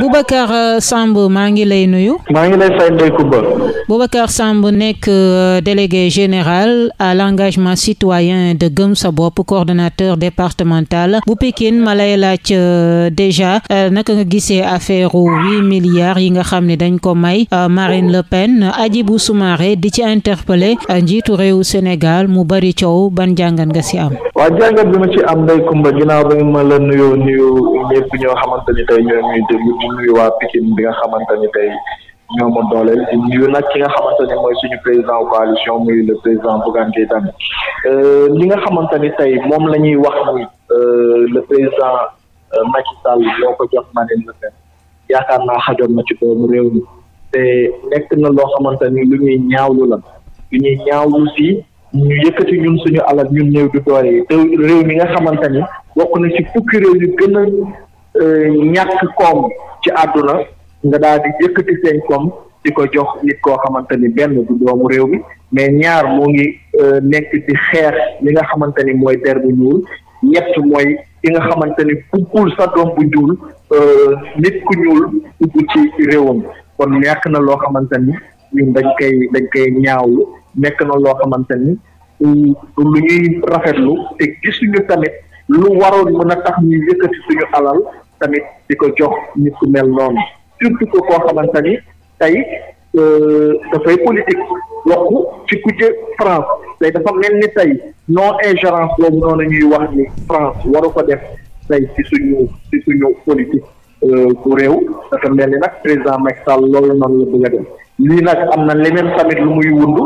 Boubacar euh, Samb maa ngi lay nuyu. maa ngi lay fay Ndeye Comba. Boubacar Samb nekk euh, délégué général à l'engagement citoyen de Gëm Sa Bopp coordonnateur départemental bu Pikine ma lay laaj euh, déjà naka nga gisee affaire huit milliards yi nga xam ni dañ ko may Marine Le Pen Hadjibou Soumaré di ci interpellé njiitu réew Sénégal mu bari coow ban jàngat nga ci am. waaw jàngat bi ma ci am ndey Kumba ginnaaw ba ma la nuyoo nuyu ñëpp ñoo xamante ni tey ñoo ñuy nga xamante ni tey ñoo ma dooleel di nag ki nga xamante ni mooy suñu président coalition muy le président Bougane Gueye Dany euh, li nga xamante ni tey moom la ñuy wax ni euh, le président euh, Macky Sall loo ko jox Marine Le Pen yaakaar naa xajoon na ci doomu réew mi te nekk na loo xamante ni lu ñuy ñaawlu la lu ñuy ñaawlu si. ñu yëkkati ñun suñu alal ñun néew du doole yi te réew mi nga xamante ni bokk na ci fukki réew yu gën a euh, ñàkk koom ci àdduna nga daal di yëkkati seen koom di ko jox nit koo xamante ni benn du doomu réew mi mais ñaar moo ngi euh, nekk di xeex li nga xamante ni mooy der bu ñuul ñett mooy ki nga xamante ni fuggul sa doom bu juul euh, nit ku ñuul fugg ci réewam kon ñàkk na loo xamante ni ñun dañ koy dañ koy ñaawlu nekk na loo xamante ni lu ñuy rafetlu te gisuñu tamit lu waroon mën a tax ñu yëkkati suñu alal tamit di ko jox nit ku mel noonu surtout que koo xamante ni tey euh, dafay politique lokku ci kujje France tey dafa mel ni tey non ingérence boobu noonu ñuy wax ni France waru ko def tey ci suñu ci euh, bu réew dafa mel ni nag président Macky Sall loolu noonu la bëgg a def lii nag am na leneen tamit lu muy wund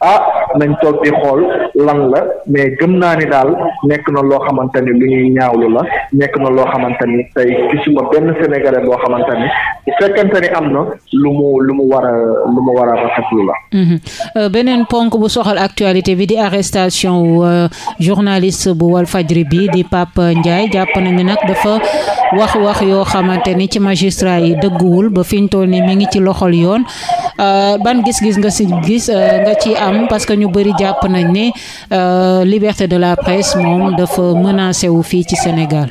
ah nañ toog di xool lan la mais gëm naa ni daal nekk na loo xamante ni lu ñuy ñaawlu la nekk na loo xamante ni tey gisuma benn sénégalais boo xamante ni bu fekkente ni am na lu mu lu mu war a lu mu a rafetlu la. Mhm. Euh, beneen ponk bu soxal actualité bi di arrestation euh, journaliste bu Walfadjri bi di Pape Ndiaye jàpp nañu nag dafa wax wax yoo xamante ni ci magistrat yi dëgguwul ba fi ñu toll nii mi ngi ci loxol yoon euh, ban gis-gis nga si gis nga ci am parce ñu bëri jàpp nañ ne euh, liberté de la presse moom dafa menacé wu fii ci Sénégal.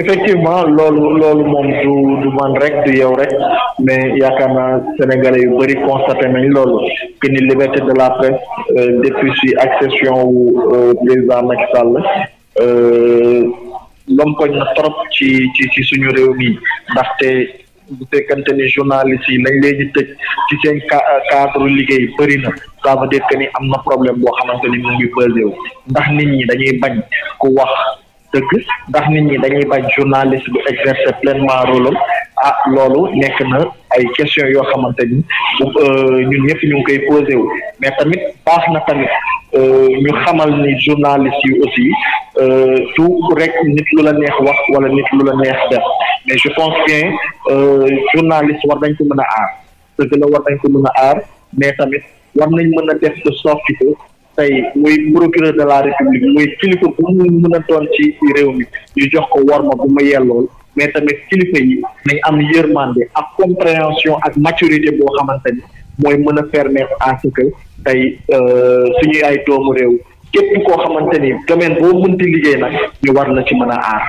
effectivement loolu loolu moom du du man rek du yow rek mais yaakaar naa sénégalais yu bëri constaté nañ loolu que ni liberté de la presse euh, depuis si accession wu euh, président Macky Sall lom koñ na trop ci ci suñu réew mi ndaxte bu fekkante ni journaliste yi lañ leen di tëj ci seen euh, cadre liggéey bëri na ça veut dire ni am na problème boo xamante ni mu ngi pesé ndax nit ñi dañuy bañ ku wax dëgg ndax nit ñi dañuy bañ journaliste bu exercer pleinement role ah loolu nekk na ay question yoo xamante ni euh, ñun ñëpp ñu ngi koy posé wu mais tamit baax na tamit Euh, ñu xamal ni journaliste yi aussi euh, du rek nit lu la neex wax wala nit lu la neex def mais je pense que euh, journaliste war nañ ko mën a aar dëgg la war nañ ko mën a aar mais tamit war nañ mën a def de sorte que tey muy procureur de la république muy kilifa bu mu mën a doon ci réew mi ñu jox ko wor ma bu ma yellool mais tamit kilifa yi nañ am yërmande ak compréhension ak maturité boo xamante ni mooy mën a permettre à tey euh, suñuy ay doomu réew képp koo xamante ni domaine boo mënti liggéey nag ñu war la ci mën a aar.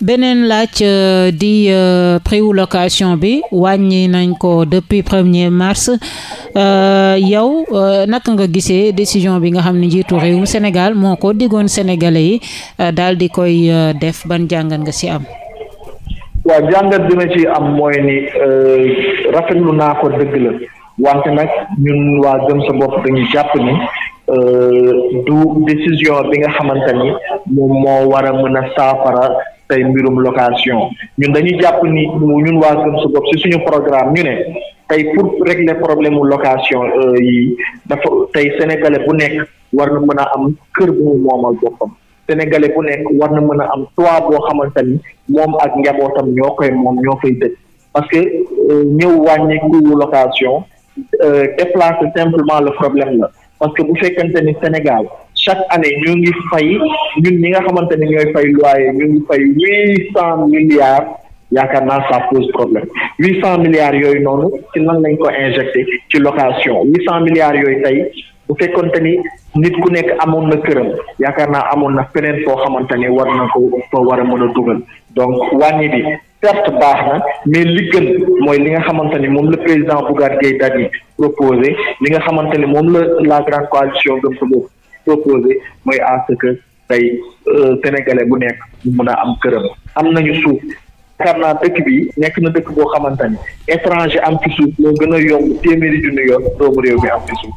beneen laaj euh, di euh, prix wu location bi wàññi nañ ko depuis premier mars yow naka nga gisee décision bi nga xam ne njiitu réewu Sénégal moo ko diggoon sénégale yi daal di koy def ban jàngat nga ci am. waaw jàngat bi ma ci am mooy ni rafetlu naa ko dëgg la. wante nag ñun waa gëm sa bopp dañu jàpp ni euh, du décision bi nga xamante ni moom moo war a mën a saafara tey mbirum location ñun dañuy jàpp ni ñun waa gëm sa bopp si suñu programme ñu ne tey pour régler problème mu location euh, yi dafa tey sénégalais bu nekk war na mën a am kër bu mu moomal boppam sénégalais bu nekk war na mën a am toit boo xamante ni moom ak njabootam ñoo koy moom ñoo fay dëkk parce que euh, ñëw wàññi coût location Euh, déplacer simplement la problème la parce que bu fekkente ni Sénégal chaque année ñu ngi fay ñun ñi nga xamante ni ñooy fay loyer ñu ngi fay huit cent milliards yaakaar naa ça pose problème huit cent milliards yooyu noonu ci lan lañ ko injecté ci location huit cent milliards yooyu tey bu fekkonte ni nit ku nekk amoon na këram yaakaar naa amoon na feneen foo xamante ni war na ko foo war a mën a dugal donc wàññi perte baax na mais li gën mooy li nga xamante ni moom la président Bougane Gueye Dany proposé li nga xamante ni moom la la grande coalition gëm sa bopp proposé mooy à ce que tey euh, sénégalais bu nekk mu mën a am këram am nañu suuf yaakaar naa dëkk bi nekk na dëkk boo xamante ni étranger am ci suuf moo gën a yomb téeméeri junni yoon doomu réew mi am ci suuf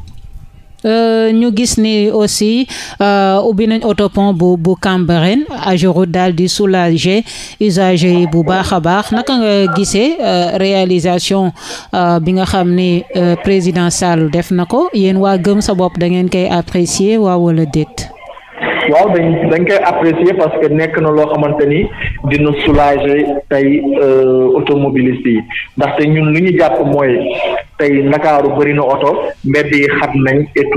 Euh, ñu gis ni aussi euh, ubbi nañ autopont bu bu Cambérène AGEROUTE daal di soulager usager yi bu baax a baax naka nga gisee euh, réalisation bi nga xam ni président Sall def na ko yéen waa gëm sa bopp da ngeen koy apprécier waa wala déet. waaw dañ dañ koy apprécier parce que nekk na loo xamante ni dina soulager tey euh, automobiliste yi ndaxte ñun lu ñu jàpp mooy tey ndakaaru bëri na oto mbedd yi xat nañ et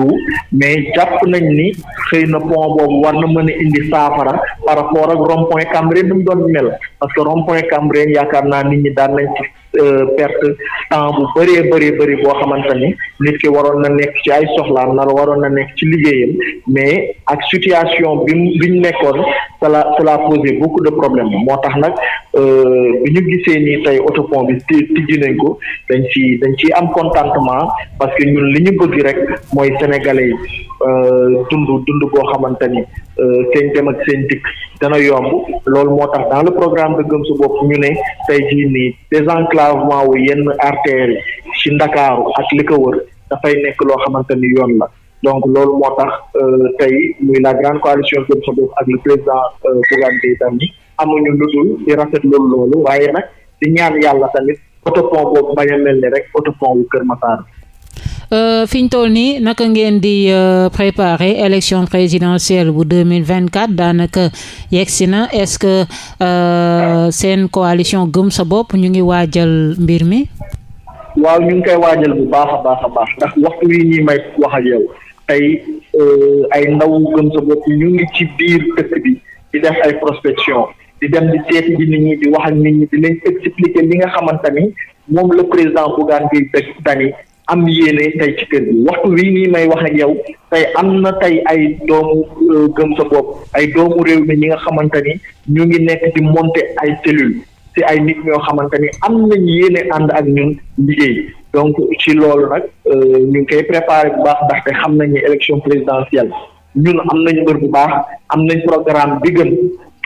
mais jàpp nañ ni xëy na pont boobu war na mën a indi saafara par rapport ak rond point Cambérène ni mu doon mel parce que rond point yaakaar naa nit ñi daan nañ ci Euh, perte temps bu bëree bëri bëri boo xamante ni nit ki waroon na nekk ci ay soxlaam na waroon na nekk ci liggéeyam mais ak situation bi bi nekkoon cela cela posé beaucoup de problème moo tax nag Euh, bi ñu gisee nii tey autopont bi tijji nañ ko dañ ci dañ ciy am contentement parce que ñun li ñu bëgg rek mooy sénégalais yi euh, dund dund boo xamante ni euh, seen dem ak seen dikk dana yomb loolu moo tax dans le programme de gëm sa bopp ñu ne tey jii nii désenclavement wu yenn artères yi ci Ndakaaru ak li ko wër dafay nekk loo xamante ni yoon la donc loolu moo tax euh, tey muy la grande coalition Gueum Sa Bopp ak le président euh, Bougane Gueye Dany amuñu lu dul di rafetlu loolu waaye nag di ñaan yàlla tamit autopont boobu bañ a ni rek autopont wu Kër Massar. Euh, fi ñu toll nii naka ngeen di préparer élection présidentielle bu deux mille vingt quatre daanaka yegsi na est-ce que seen coalition gëm Sa Bopp ñu ngi waajal mbir mi. waaw ñu ngi koy waajal bu baax a baax ndax waxtu wi ñuy may wax ak tey euh, ay ndaw gëm sa bopp ñu ngi ci biir dëkk bi di def ay prospection di dem di seeti ji nit ñi di wax ak nit ñi di leen expliquer li nga xamante ni moom la président Bougane Gueye Dany am yéene tey ci kër gi waxtu wi nii may wax ak yow tey am na tey ay doomu euh, gëm sa bopp ay doomu réew mi ñi nga xamante ni ñu ngi nekk di monter ay cellule si ay nit ñoo xamante ni am nañ yéene ànd ak ñun liggéey donc ci loolu nag euh, ñu ngi préparé bu baax ndaxte xam nañ ne élection présidentielle ñun am nañ mbër bu baax am nañ programme bi gën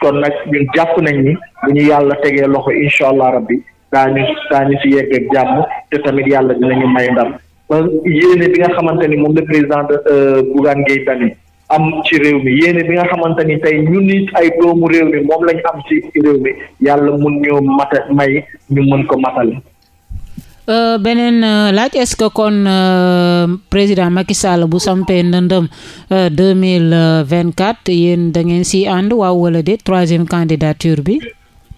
kon nag ñun jàpp nañ ni bu ñu yàlla tegee loxo incha allah rabbi daañu daañu si yegg ak jàmm te tamit yàlla dinañu may ndam ba yéene bi nga xamante ni moom le président euh, Bougane Gueye am ci réew mi yéene bi nga xamante ni tey ñun nit ay doomu réew mi moom lañ am ci réew mi yàlla mun ñoo mata may ñu mën ko matal. Euh, beneen euh, laaj est-ce que kon euh, président Macky Sall bu sampee ndëndëm euh, deux mille vingt quatre yéen da ngeen si ànd waaw wala de troisième candidature bi.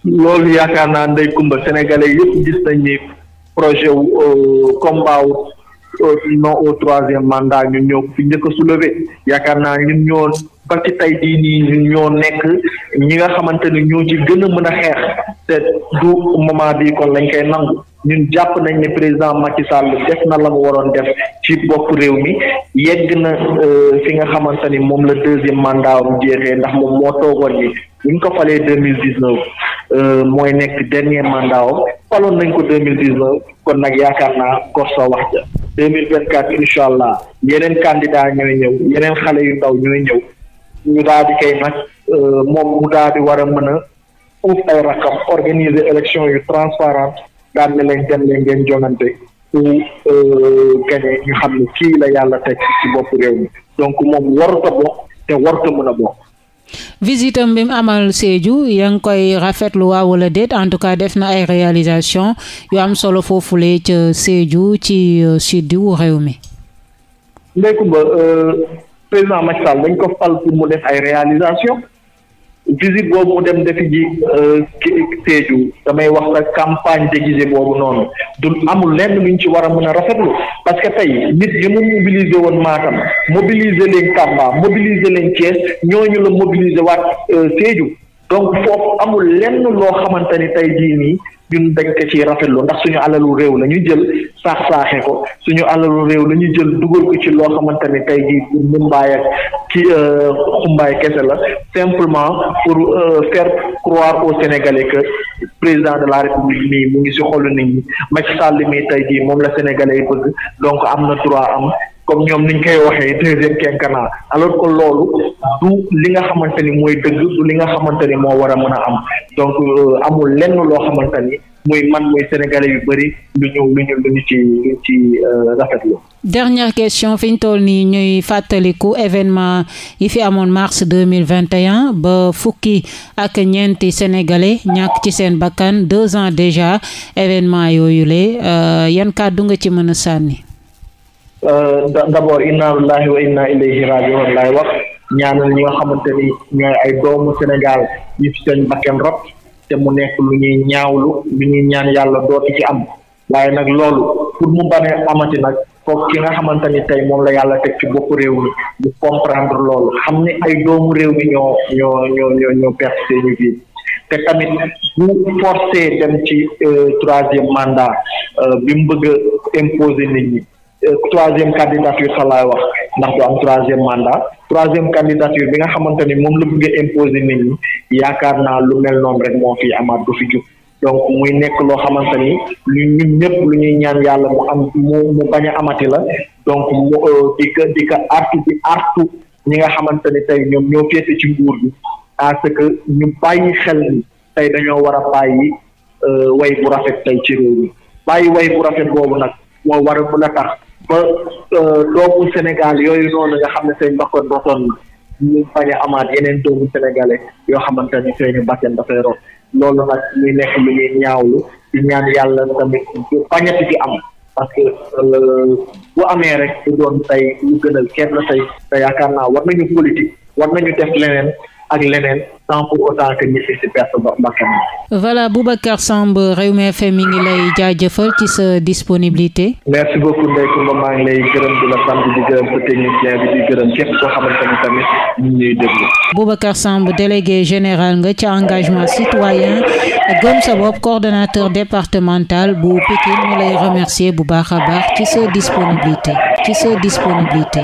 loolu yaakaar naa ndey kumba sénégalais yëpp gis nañ projet wu euh, combat non au troisième mandat ñun ñoo ko fi njëkk a soulevé yaakaar naa ñun ñoo ba ci tey jii nii ñun ñoo nekk ñi nga xamante ni ñoo ci gën a mën a xeex te du moment bii kon lañ koy nangu. ñun jàpp nañ ne président Macky Sall def na la mu waroon def ci bopp réew mi yegg na euh, fi nga xamante ni moom la deuxième mandat am jeexee ndax moom moo toogoon ni ko falee deux mille dix neuf euh, mooy nekk dernier mandat am nañ ko deux mille dix neuf kon nag yaakaar naa gor sa wax ja vingt quatre incha allah yeneen candidat ñooy ñëw yeneen xale yu ndaw ñooy ñëw ñu daal di kay nag euh, moom mu daal di war a mën a uuf ay rakam organiser élection yu transparente daan na leen dem leen ngeen jongante ku euh, gane ñu xam ne kii la yàlla teg ci bopp réew mi donc moom warut a bokk te warut a mën a bokk. visitam bi amal Sédhiou yaa ngi koy rafetlu waa wala déet en tout cas def na ay réalisation yu am solo foofu foofulee ca Sédhiou ci euh, suddu réew mi. Ndeye Comba euh, président Macky dañ ko fal pour mu def ay réalisation visite boobu mu dem defi ji euh, Sédhiou damay wax la campagne déguisée boobu noonu du amul lenn lu ñu ci war a mën a rafetlu parce que tey nit ñi mu mobiliser woon Matam mobiliser leen Tamba mobiliser leen Thiès ñooñu la mobiliser waat euh, Sédhiou donc foofu amul lenn loo xamante ni tey jii nii ñun dañ ko ciy rafetlu ndax suñu alalu réew la ñu jël saax saaxe ko suñu alalu réew la ñu jël dugal ko ci loo xamante ni tey jii pour mumbaay ak ci euh, xumbaay kese la simplement pour euh, faire croire aux Sénégalais que président de la République nii mu ngi si xolu nit ñi Macky Sall mii tey jii moom la Sénégalais yi bëgg donc am na droit am comme ñoom niñ koy waxee deuxième quinquennat alors que loolu du li nga xamante ni mooy dëgg du li nga xamante ni moo war a mën a am donc euh, amul lenn loo xamante ni muy man muy sénégalais yu bëri lu ñu lu ñu lu ñu ci lu ci euh, rafetlu. dernière question fi ñu toll nii ñuy fàttaliku événement yi fi amoon mars deux mille vingt et ba fukki ak ñeenti sénégalais ñàkk ci seen bakkan deux ans déjà événement yooyu la euh, yan kàddu nga ci mën a sànni. Euh, d'abord inna lillahi wa inna ilayhi raji'un laay wax ñaanal ñi nga xamante ni ñooy ay doomu Sénégal ñu fi seen bakken rot te mu nekk lu ñuy ñaawlu lu ñuy ñaan yàlla dooti ci am waaye nag loolu pour mu banee amati nag foog ki nga xamante ni tey moom la yàlla teg ci bopp réew mi ñu comprendre loolu xam ni ay doomu réew mi ñoo ñoo ñoo ñoo ñoo perte seeni vie te tamit bu forcé dem ci euh, troisième mandat euh, bi mu bëgg a imposer nit ñi Euh, troisième candidature sax laay wax ndax du am troisième mandat troisième candidature bi nga xamante ni moom la bëgg a imposer nit yaakaar naa lu mel noonu rek moo fi amaat du fi jub donc muy nekk loo xamante ni lu ñun ñëpp lu ñuy ñaan yàlla mu am mu mu bañ a amati la donc mu euh, di ko di artu di artu ñi nga xamante ni tey ñoom ñoo féete ci nguur bi parce que ñu bàyyi xel ni tey dañoo war a bàyyi euh, way bu rafet tey ci réew mi bàyyi way bu rafet boobu nag moo war a mën tax ba euh, doomu Sénégal yooyu noonu nga xam ne seen bakkoon rotoon na ñu bañ a amaat yeneen doomu sénégalais yoo xamante ni seen bakkan dafay rot loolu nag ñuy nekk lu ñuy ñaawlu di ñaan yàlla tamit bañati di am parce que euh, bu amee rek du doon tey lu gënal kenn tey te yaakaar naa war nañu politique war nañu def leneen ak leneen sans pour autant que ñu Samb Rewmi FM mi ngi lay jaajëfal ci sa disponibilité. merci beaucoup Ndeye gërëm di la sant di tamit ñu ñuy déglu. Boubacar Samb délégué général nga ci engagement citoyen gëm sa bopp coordonnateur départemental bu Pikine ñu lay remercier bu baax a baax ci sa disponibilité ci sa disponibilité.